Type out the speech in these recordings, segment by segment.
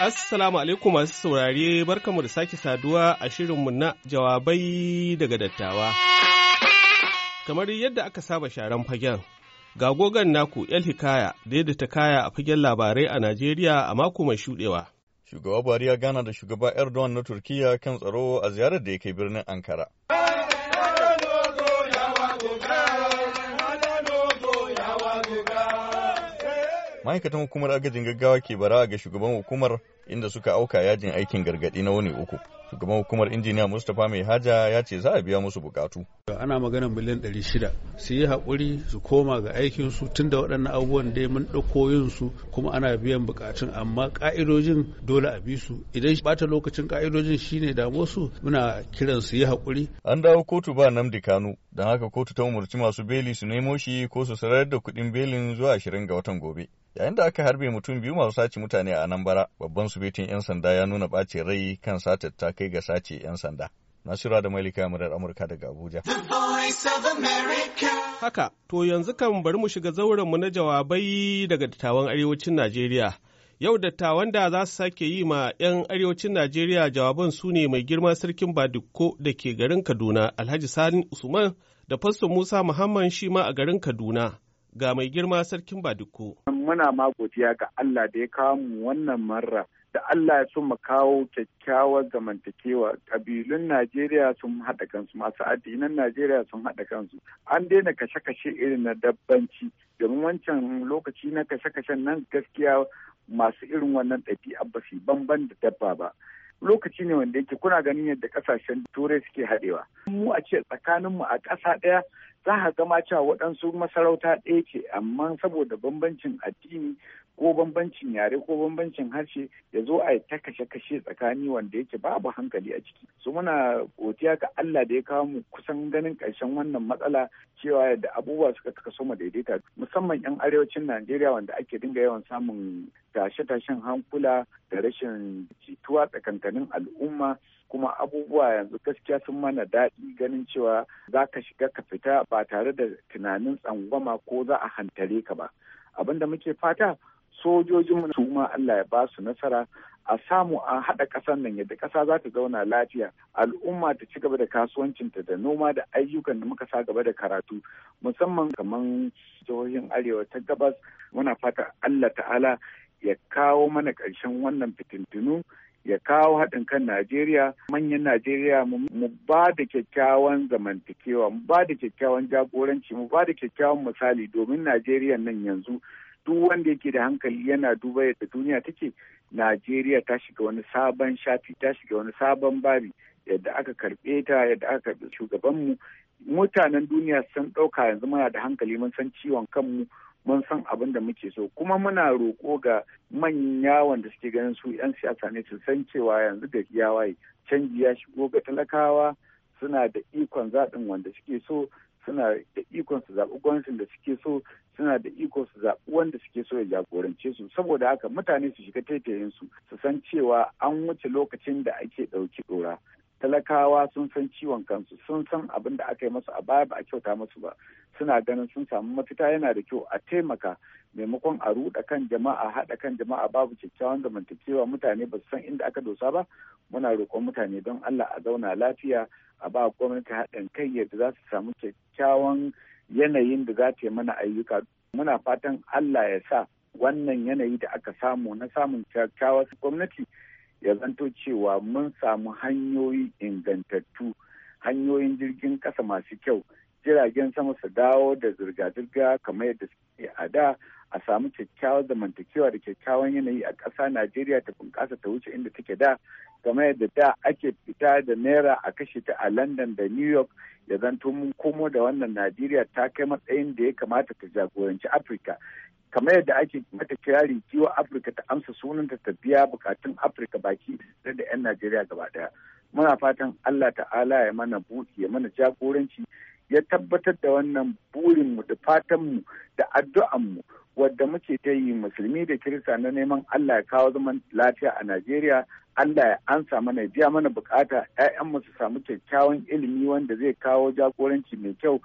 Assalamu alaikum masu saurare barkamu da sake saduwa a shirinmu na jawabai daga dattawa. Kamar yadda aka saba sharan fagen, ga gogon naku El Hikaya daidaita kaya a fagen labarai a Najeriya a mako mai shuɗewa. Shugaba Buhari ya gana da shugaba Erdogan na Turkiyya kan tsaro a ziyarar da ya kai birnin Ankara. ma'aikatan hukumar agajin gaggawa ke bara ga shugaban hukumar inda suka auka yajin aikin gargaɗi na wani uku shugaban hukumar injiniya mustapha mai haja ya ce za a biya musu bukatu ana magana miliyan 600 su yi haƙuri su koma ga aikin su tun da waɗannan abubuwan da mun ɗauko yin su kuma ana biyan bukatun amma ƙa'idojin dole a bi su idan bata lokacin ƙa'idojin shine damo su muna kiran su yi haƙuri an dawo kotu ba namdi kanu don haka kotu ta umarci masu beli su nemo shi ko su sarar da kuɗin belin zuwa ashirin ga watan gobe yayin da aka harbe mutum biyu masu sace mutane a bara babban subetin 'yan sanda ya nuna ɓacin rai kan satar kai ga sace 'yan sanda. Nasura da Malika Murar Amurka daga Abuja. Haka, to yanzu kan bari mu shiga zaurenmu na jawabai daga dattawan arewacin Najeriya. Yau dattawan da za su sake yi ma 'yan arewacin Najeriya jawaban su ne mai girma sarkin Badikko da ke garin Kaduna, Alhaji Sani Usman da Fasto Musa Muhammad shi ma a garin Kaduna. Ga mai girma sarkin Badikko. Muna ma godiya ga Allah da ya kawo mu wannan marar da Allah ya so mu kawo kyakkyawar zamantakewa kabilun Najeriya sun haɗa kansu masu addinan Najeriya sun haɗa kansu an daina kashe-kashe irin na dabbanci domin wancan lokaci na kashe-kashen nan gaskiya masu irin wannan ɗabi'a ba su banban da dabba ba lokaci ne wanda yake kuna ganin yadda kasashen turai suke haɗewa mu a ce tsakaninmu a ƙasa ɗaya za a gama cewa waɗansu masarauta ɗaya ce amma saboda bambancin addini ko bambancin yare ko bambancin harshe ya zo a ta kashe-kashe tsakani wanda yake babu hankali a ciki su muna godiya ga Allah da ya kawo mu kusan ganin ƙarshen wannan matsala cewa yadda abubuwa suka kaso mu daidaita musamman 'yan arewacin Najeriya wanda ake dinga yawan samun tashe-tashen hankula da rashin jituwa tsakankanin al'umma kuma abubuwa yanzu gaskiya sun mana daɗi ganin cewa za ka shiga ka fita ba tare da tunanin tsangwama ko za a hantare ka ba abinda muke fata sojojinmu su ma Allah ya ba su nasara a samu a haɗa ƙasar nan yadda ƙasa za ta zauna lafiya al'umma ta ci gaba da kasuwancinta da noma da ayyukan da muka sa gaba da karatu musamman kamar jihohin arewa ta gabas muna fata Allah ta'ala ya kawo mana ƙarshen wannan fitintunu ya kawo haɗin kan Najeriya manyan Najeriya mu ba da kyakkyawan zamantakewa mu ba da kyakkyawan jagoranci mu ba da kyakkyawan misali domin Najeriya nan yanzu duk wanda yake da hankali yana duba yadda duniya take najeriya ta shiga wani sabon shafi ta shiga wani sabon babi yadda aka karbe ta yadda aka shugaban shugabanmu mutanen duniya sun ɗauka yanzu muna da hankali mun san ciwon kanmu mun san abin da muke so kuma muna roƙo ga manya wanda suke ganin su 'yan siyasa ne su san cewa yanzu da ya canji ya shigo ga talakawa suna da ikon zaɓin wanda suke so suna da ikon su zaɓi gwamnatin da suke so suna da iko su zaɓi wanda suke so ya jagorance su saboda haka mutane su shiga taitayen su su san cewa an wuce lokacin da ake ɗauki ɗora talakawa sun san ciwon kansu sun san abin da aka yi masu a baya ba a kyauta masu ba suna ganin sun samu mafita yana da kyau a taimaka maimakon a ruɗa kan jama'a haɗa kan jama'a babu kyakkyawan zamantakewa mutane ba su san inda aka dosa ba muna roƙon mutane don Allah a zauna lafiya a ba gwamnati haɗin kai yadda za su samu kyakkyawan yanayin da za ta yi mana ayyuka muna fatan Allah ya sa wannan yanayi da aka samu na samun kyakkyawar gwamnati ya zanto cewa mun samu hanyoyi ingantattu hanyoyin jirgin kasa masu kyau jiragen sama su dawo da zirga-zirga kamar yadda suke a da a samu kyakkyawar zamantakewa da kyakkyawan yanayi a ƙasa najeriya ta bunƙasa ta wuce inda take da kamar yadda da ake fita da naira a kashe ta a london da new york ya zanto mun komo da wannan najeriya ta kai matsayin da ya kamata ta jagoranci afirka kamar yadda ake mata kirari kiwo afirka ta amsa sunanta ta biya bukatun afirka baki da 'yan najeriya gaba daya muna fatan allah ta'ala ya mana buɗi ya mana jagoranci ya tabbatar da wannan burinmu da fatanmu da addu'anmu wadda muke ta yi musulmi da kirista na neman allah ya kawo zaman lafiya a najeriya allah ya ansa mana ya biya mana bukata 'ya'yanmu su samu kyakkyawan ilimi wanda zai kawo jagoranci mai kyau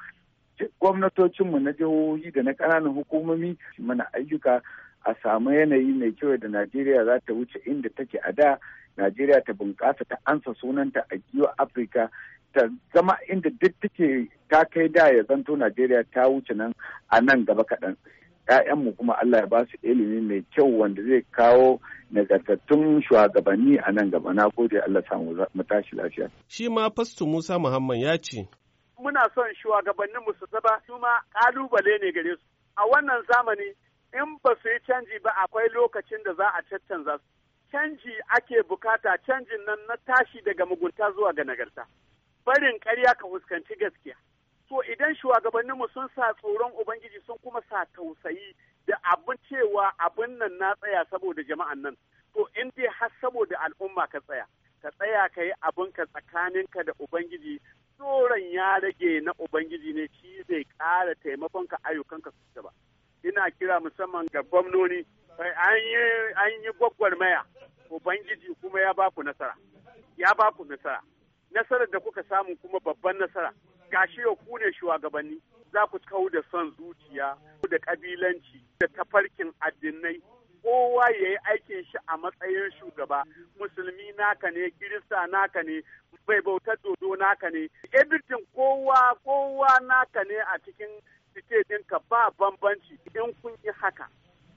duk gwamnatocinmu na jihohi da na ƙananan hukumomi mana ayyuka a samu yanayi mai kyau da najeriya za ta wuce inda take a da najeriya ta bunƙasa ta ansa sunanta a giwa afirka ta zama inda duk take ta kai da ya zanto najeriya ta wuce nan a nan gaba kaɗan ‘ya'yanmu kuma Allah ya ba su ilimi mai kyau wanda zai kawo nagartattun shugabanni a nan gaba na gode Allah samu mu tashi lafiya. Shi ma Fasto Musa Muhammad ya ce. muna son shugabanninmu su zaba su ma ƙalubale ne gare su. A wannan zamani in ba su yi canji ba akwai lokacin da za a caccanza su. Canji ake bukata canjin nan na tashi daga mugunta zuwa ga nagarta. Barin ƙarya ka fuskanci gaskiya. To idan shugabanninmu sun sa tsoron Ubangiji sun kuma sa tausayi da abin cewa abin nan na tsaya saboda jama'an nan. To in dai har saboda al'umma ka tsaya. ka tsaya ka yi abinka tsakaninka da Ubangiji tsoron ya rage na Ubangiji ne shi zai ƙara ka ayyukanka su ba. Ina kira musamman ga gwamnoni, eh, an yi maya Ubangiji kuma ya ba ku nasara. Ya ba ku nasara. Nasarar da kuka samu kuma babban nasara. Gashi yau ku ne shugabanni, za ku kau da son zuciya, da kabilanci da tafarkin addinai, kowa ya yi aikin shi a matsayin shugaba musulmi naka ne kirista naka ne bai bautar dodo naka ne everything kowa kowa naka ne a cikin state ɗinka ba bambanci in kun yi haka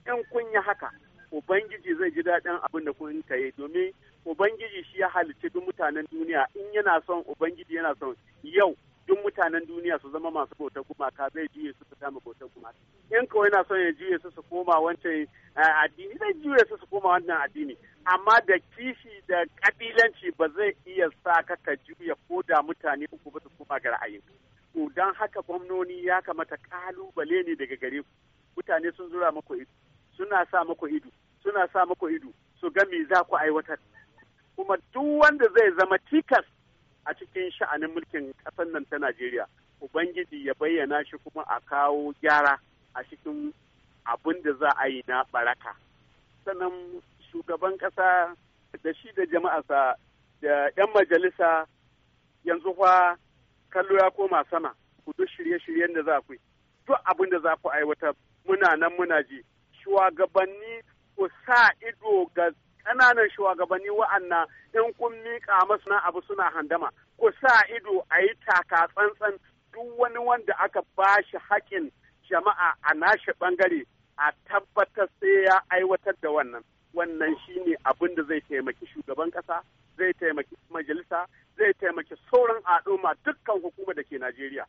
in kun yi haka ubangiji zai ji daɗin abin da kun ka yi domin ubangiji shi ya halicci duk mutanen duniya in yana son ubangiji yana son yau duk mutanen duniya su zama masu bautar gumaka zai juye su su dama bautar gumaka in kawai yana son ya juye su su koma wancan eh, addini zai juye su su koma wannan addini amma da kishi da kabilanci ba zai iya sa ka ka juya ko da mutane uku ba su koma ga ra'ayin ku don haka gwamnoni ya kamata kalubale ne daga gare ku mutane sun zura mako idu, suna sa mako idu, suna sa mako ido su ga me za ku aiwatar kuma duk wanda zai zama tikas a cikin sha'anin mulkin ƙasar nan ta Najeriya ubangiji ya bayyana shi kuma a kawo gyara a cikin abin da za a yi na baraka sannan shugaban ƙasa da shi da jama'a sa. da 'yan majalisa yanzu fa kallo ya koma sama ku duk shirye-shiryen da za ku yi duk abin da za ku aiwatar muna nan muna ji shugabanni ku sa ido ga ƙananan shugabanni wa'anna in kun miƙa masu na abu suna handama ku sa ido a yi taka tsantsan duk wani wanda aka ba shi haƙin jama'a a nashi ɓangare a tabbatar sai ya aiwatar da wannan wannan shi ne abin da zai taimaki shugaban kasa zai taimaki majalisa zai taimaki sauran al'umma dukkan hukuma da ke najeriya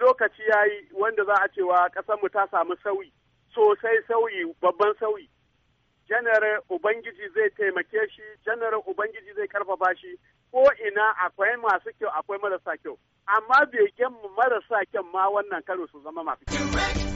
lokaci ya yi wanda za a cewa mu ta samu sauyi sosai sauyi babban sauyi Janaral ubangiji zai taimake shi Janaral ubangiji zai karfafa shi ko ina akwai masu kyau akwai marasa kyau amma begen marasa kyau ma wannan karo su zama masu kyau